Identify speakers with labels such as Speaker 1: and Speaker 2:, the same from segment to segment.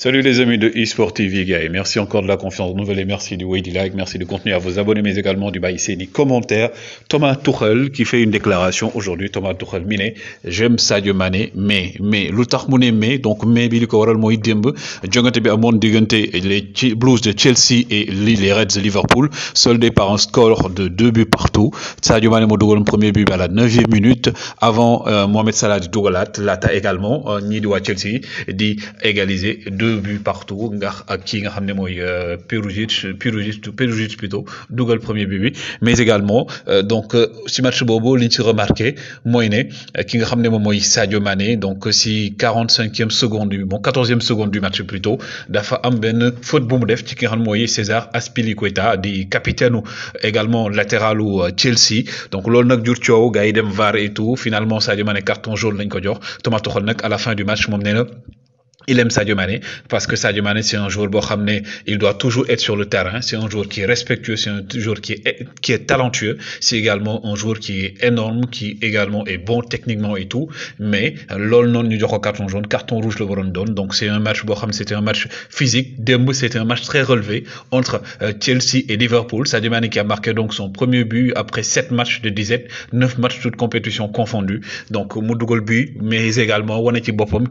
Speaker 1: Salut les amis de eSport TV Guy, merci encore de la confiance nouvelle et merci du way, like, merci du contenu à vous abonner mais également du bail et des commentaires. Thomas Tuchel qui fait une déclaration aujourd'hui, Thomas Tuchel miné, j'aime Sadio Mané mais mais lu mais donc mais bi li waral mooy les Blues de Chelsea et les Reds de Liverpool soldés par un score de deux buts partout. Sadio Mané moo premier but à la neuvième minute avant euh, Mohamed Salah de dugalaat l'a également ni euh, di Chelsea dit égaliser deux deux buts partout ndax ak ki nga xam ne euh, plutôt dougal premier but mais également euh, donc ce euh, match bobo li ci remarqué mooy qui ki nga xam Sadio Mané donc si 45 e seconde du bon 14e seconde du match plutôt dafa am benn faute bu mu def ci ki nga César Azpilicueta di capitaine également latéral ou Chelsea donc l'olnak nag jur VAR et tout finalement Sadio Mané carton jaune lañ Thomas Tuchel à la fin du match moom nee il aime Sadio Mané parce que Sadio Mané c'est un joueur bochamné. il doit toujours être sur le terrain c'est un joueur qui est respectueux c'est un joueur qui est qui est talentueux c'est également un joueur qui est énorme qui également est bon techniquement et tout mais lol non carton jaune carton rouge le Brandon. donc c'est un match Boham, c'était un match physique Dembou, c'était un match très relevé entre euh, Chelsea et Liverpool Sadio Mané qui a marqué donc son premier but après sept matchs de disette neuf matchs toutes compétitions confondues donc Moudou mais également Waneti ci boppam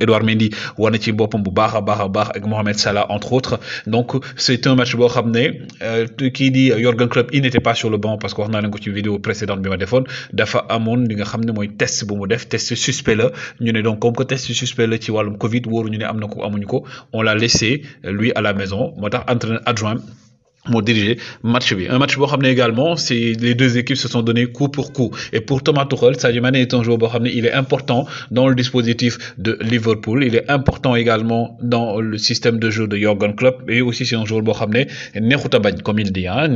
Speaker 1: Edouard Mendy wane ci boppam bu baax a baax ak Mohamed Salah entre autres donc c'est un match boo ramené qui euh, dit di Klopp il n'était pas sur le banc parce qu'on a une vidéo précédente bi ma téléphone. dafa Amon, li nga xam test bu mu def test suspect la ñu donc comme que test suspect la ci le Covid on l'a laissé euh, lui à la maison moo entraîneur adjoint m'ont dirigé match un match bon xam également si les deux équipes se sont donné coup pour coup et pour Thomas Tuchel Sadio Mané est un joueur bon il est important dans le dispositif de Liverpool il est important également dans le système de jeu de Jürgen Klopp et aussi c'est un joueur bon comme il dit hein,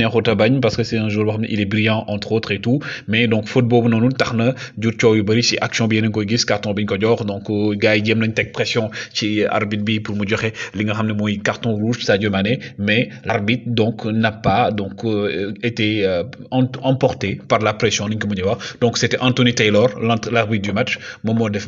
Speaker 1: parce que c'est un joueur bon il est brillant entre autres et tout mais donc football non noonu tax na jur coow yu action bi carton bien donc gars yi nañ pression ci arbitre pour mu joxe li nga carton rouge Sadio Mané mais l'arbitre donc n'a pas donc euh, été euh, emporté par la pression donc c'était Anthony Taylor l'arbitre du match moom def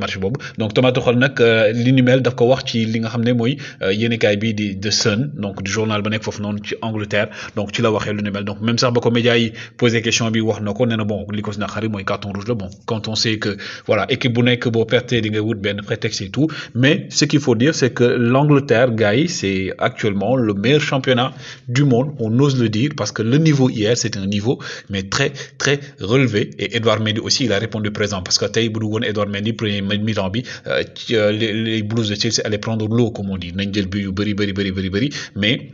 Speaker 1: match Bob. donc Thomas Tuchel nag euh, li mel daf ko wax ci li nga xamné moy yene kay bi di Sun donc du journal ba nek foofu non ci Angleterre donc ci la waxé lu donc même sax ba ko média yi posé question bi wax nako ko bon liko ko xari moy carton rouge le bon quand on sait que voilà équipe bu nekk boo perte di nga wut ben prétexte et tout mais ce qu'il faut dire c'est que l'Angleterre gars c'est actuellement le meilleur championnat du monde, on ose le dire, parce que le niveau hier, c'est un niveau, mais très, très relevé. Et Edouard Mendy aussi, il a répondu présent, parce que Taï Boulougon, Edouard Mendy, premier Milan, euh, euh, les, les Blues de Chelsea allaient prendre l'eau, comme on dit. Buyu, Beri, Beri, Beri, mais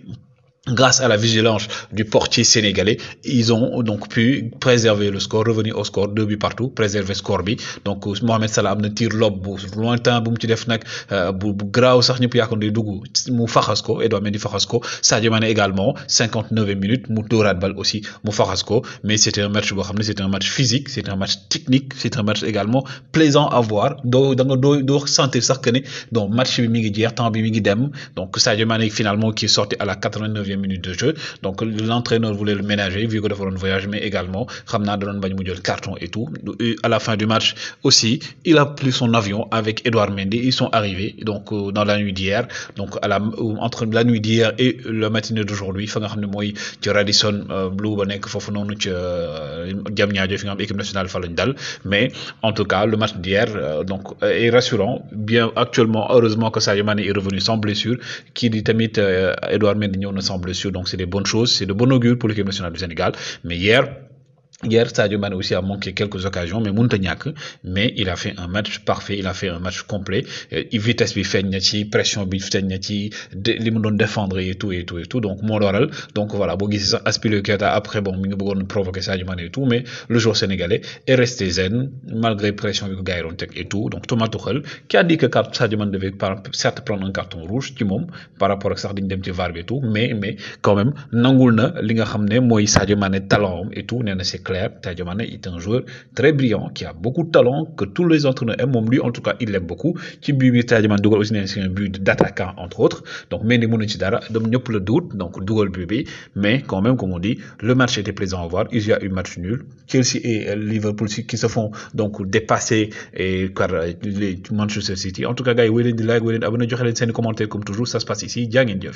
Speaker 1: grâce à la vigilance du portier sénégalais, ils ont donc pu préserver le score, revenir au score, deux buts partout, préserver score Donc euh, Mohamed Salah ne tire tir lob lointain bu mu ci def nag euh, bu bu sax ñëpp yaakaar Edouard Mendy faxas Sadio également 59 minutes minute mu aussi mu faxas mais c'était un match boo c'était un match physique c'était un match technique c'était un match également plaisant à voir dans da nga doo sentir sax donc match bi mi ngi dem donc Sadio finalement qui est sorti à la 89e minutes de jeu donc l'entraîneur voulait le ménager vu que un voyage mais également carton et tout à la fin du match aussi il a pris son avion avec Edouard Mendy ils sont arrivés donc euh, dans la nuit d'hier donc à la euh, entre la nuit d'hier et le matin d'aujourd'hui Radisson euh, Blue, équipe nationale mais en tout cas le match d'hier donc est rassurant bien actuellement heureusement que Sadio est revenu sans blessure qui dit tamit Edouard Mendy ne semble donc c'est des bonnes choses, c'est de bon augure pour l'équipe nationale du Sénégal. Mais hier, Hier, Sadio Mané aussi a manqué quelques occasions, mais Montagnac, mais il a fait un match parfait, il a fait un match complet. Euh, vitesse bi fait, ci pression bi feeñ ci li défendre et tout et tout et tout donc mon oral donc voilà boo aspiré le après bon mi ngi provoqué provoquer Sadio Mané et tout mais le joueur sénégalais est resté zen malgré pression bi ko et tout donc Thomas Tuchel qui a dit que Sadio Mané devait certes prendre un carton rouge du par rapport à Sardine dañu dem et tout mais mais quand même nangul na li Sadio Mané talent et tout clair. Sadio est un joueur très brillant qui a beaucoup de talent que tous les entraîneurs aiment. lui en tout cas il l'aime beaucoup ci but Dougal aussi c'est un but d'attaquant entre autres donc mais les mënu ci dara donc de doute donc Dougal Bibi. mais quand même comme on dit le match était plaisant à voir il y a eu match nul Chelsea et euh, Liverpool qui se font donc dépasser et par euh, les Manchester City en tout cas gars vous wéy leen di like wéy des abonné joxe leen comme toujours ça se passe ici jaa ngeen